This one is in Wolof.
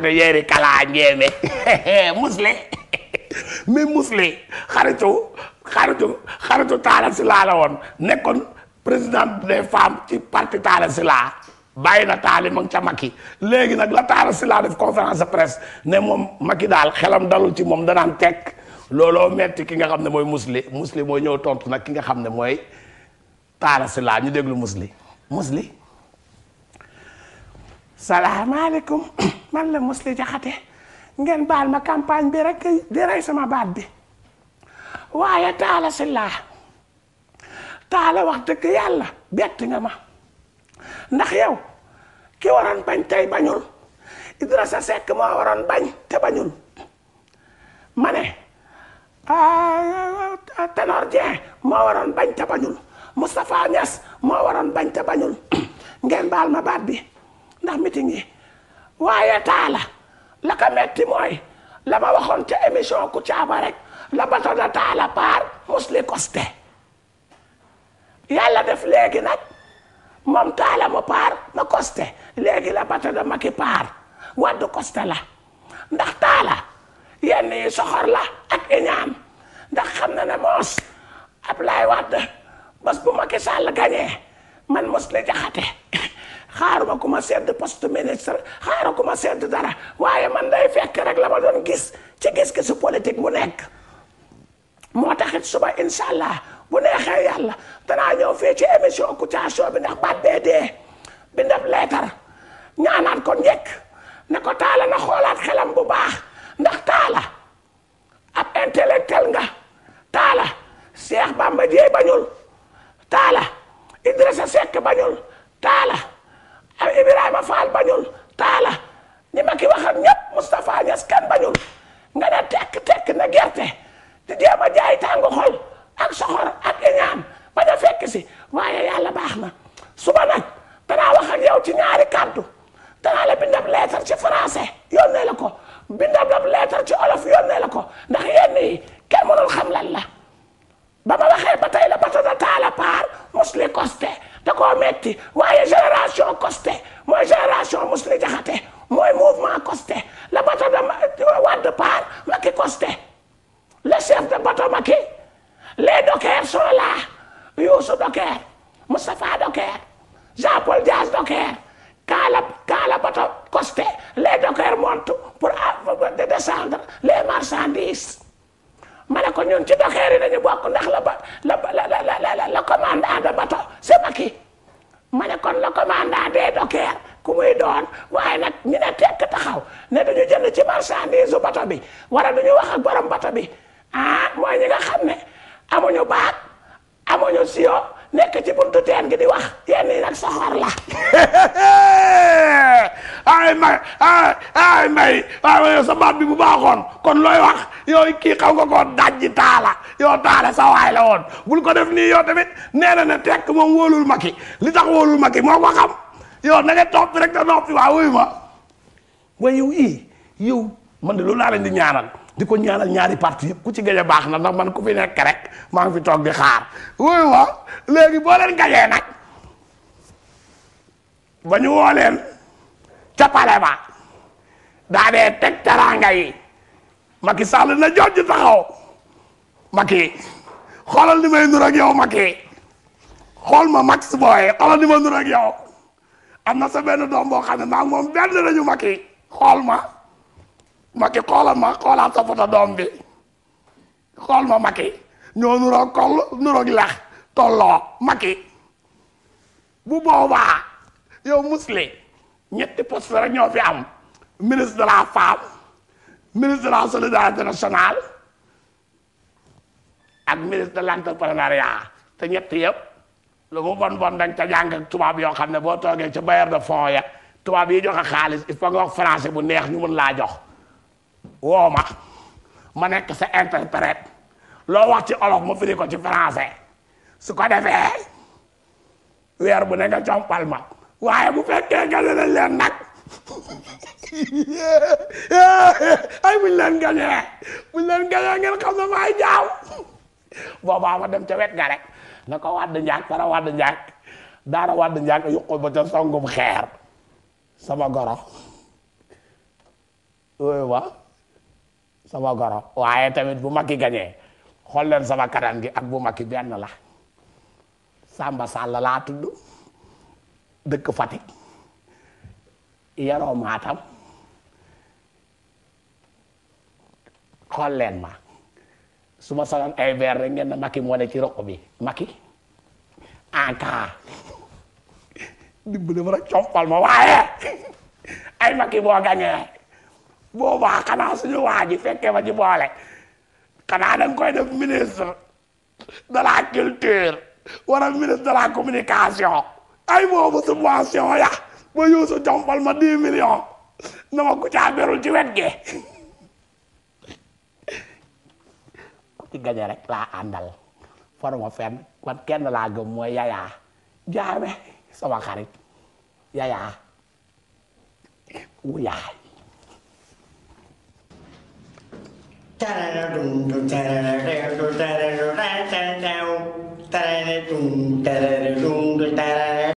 aɗa yeeri kala njeeme musle mais musle xaritu xaritu xaritu Talla Sylla la woon nekkoon président des femmes ci parti Talla Sylla bàyyi na taali ma ngi ca Macky léegi nag la Talla Sylla def conférence de presse ne moom Macky daal xelam dalul ci moom danaan tekk looloo metti ki nga xam ne mooy musli musli mooy ñëw tontu nag ki nga xam ne mooy Talla Sylla ñu déglu musli musli salaamaaleykum man la Mously Diakhaté ngeen baal ma campagne bi rek di rey sama baat bi waaye taala si laa taala wax dëgg yàlla bett nga ma ndax yow ki waroon bañ tey bañul Idrissa Seck moo waroon bañ te bañul ma ne Tanor moo waroon bañ te bañul Moustapha Niass moo waroon bañ te bañul ngeen baal ma baat bi ndax meeting yi waaye taala la ka metti mooy la ma waxoon ca émission ku caaba rek la bato da taala paar musli koste yàlla def léegi nag moom taala ma paar ma koste léegi la bato da maki paar waddu koste la ndax taala yenn yi soxor la ak iñaam ndax xam na ne moos Ablaye Wade bés bu Macky Sall gañee man mos la jaxate xaaruma ku ma sedd poste ministre xaaruma ku ma sedd dara waaye man day fekk rek la ma doon gis ci gis-gisu politique mu nekk moo taxit suba incha allah bu neexee yàlla danaa ñëw fii ci émission Kouthia Show bi ndax baat bee dee bi ndef leetar ñaanaat ko njëkk ne ko taala na xoolaat xelam bu baax ndax taala ab intellectuel nga taala Cheikh Bamba Dieye bañul taala Idrissa Seck bañul taala ay a Fall bañul taala ñi ma ki waxal ñëpp Moustapha Niass kenn bañul nga ne tekk tekk na gerte di jéem a jaay tàng xol ak soxor ak iñaan bañ a fekk waaye yàlla baax na suba nag danaa wax ak ci ñaari kàddu danaa la bindab leetar ci français yónnee la ko bindab leetar ci olof yónnee la ko ndax yenn yi kenn xam lan ba ma waxee ba la bato da taala paar musli costé da metti waaye génération costé mooy génération musli jaxate mooy mouvement costé la bato de Wade part Macky costé le chef de bato Macky les dockers sont là Youssou Docker Moustapha Docker Jean Paul Diaz Docker de bato c'est Macky ma ne kon le commandant des dockers ku muy doon waaye nag ñu ne tekk taxaw ne duñu jënd ci marchandise bato bi wala duñu wax ak borom bato bi ah mooy ñi nga xam ne amuñu baat amuñu siyo nekk ci buntu teen gi di wax yenn yi nag soxor la ay may ay ay may sa baat bi bu baaxoon kon looy wax yow kii xaw nga koo dajji taala yow taala sa waay la woon bul ko def nii yow tamit nee na ne tekk moom wóolul Macky li tax wóolul Macky moo ko xam yow na nga topp rek da noppi man de loolu laa leen di ñaanal di ko ñaanal ñaari parti yëpp ku ci gañe baax na ndax man ku fi nekk rek maa ngi fi toog di xaar wuyu ma léegi boo leen nag ba ñu woo ca pale ba daa dee teg teraanga yi Macky Sall na jooju taxaw Macky ni may nur ak yow Macky ma Max booy xoolal ni ma nur ak yow am na benn doom boo xam ne maa ngi moom benn lañu Macky xool ma Macky xoolal ma xoolaat doom bi xool ma Macky ñoo nuroog koll nuroog lax bu boobaa yow musli ñetti poste rek ñoo fi am ministre de la femme ministre de la solidarité nationale ak ministre de l'entrepreneuriat te ñett yëpp lu mu bon bon dañ ca jàng tubaab yoo xam ne boo toogee ca bailleur de fonds ya tubaab yi joxe xaalis il faut nga wax français bu neex ñu mën laa jox woo ma ma nekk sa interprète loo wax ci olof ma firi ko ci français su ko defee weer bu ne nga compal ma waaye bu fekkee gane nañ ay buñ leen gañee buñ leen gañee ngeen xam ne jaaw boobaa ma dem ca wet ga rek na ko wadd njaag fara wadd njaag daara wadd njaag ca songum xeer sama goro sama goro waaye tamit bu makki gañee xool leen sama kanam gi ak bu makki benn la Samba Sall laa tudd dëkk fatik yaroo Matam xool ma su ma sonoon ay verre rek ngeen na Macky moo ne ci roq bi Macky anka dimbali ma rek compal ma waaye ay Macky boo gañee boobaa xanaa suñu waa ji fekkee ma ci boole xanaa da nga koy def ministre de culture wala ministre de communication ay boobu subvention ya ba yuusu jompal ma dix millions na ma Kouthia berul ci wet ku ci gañe laa àndal forma fenn kenn laa gëm mooy yayaa jaame sama xarit yayaa wuyaay tarara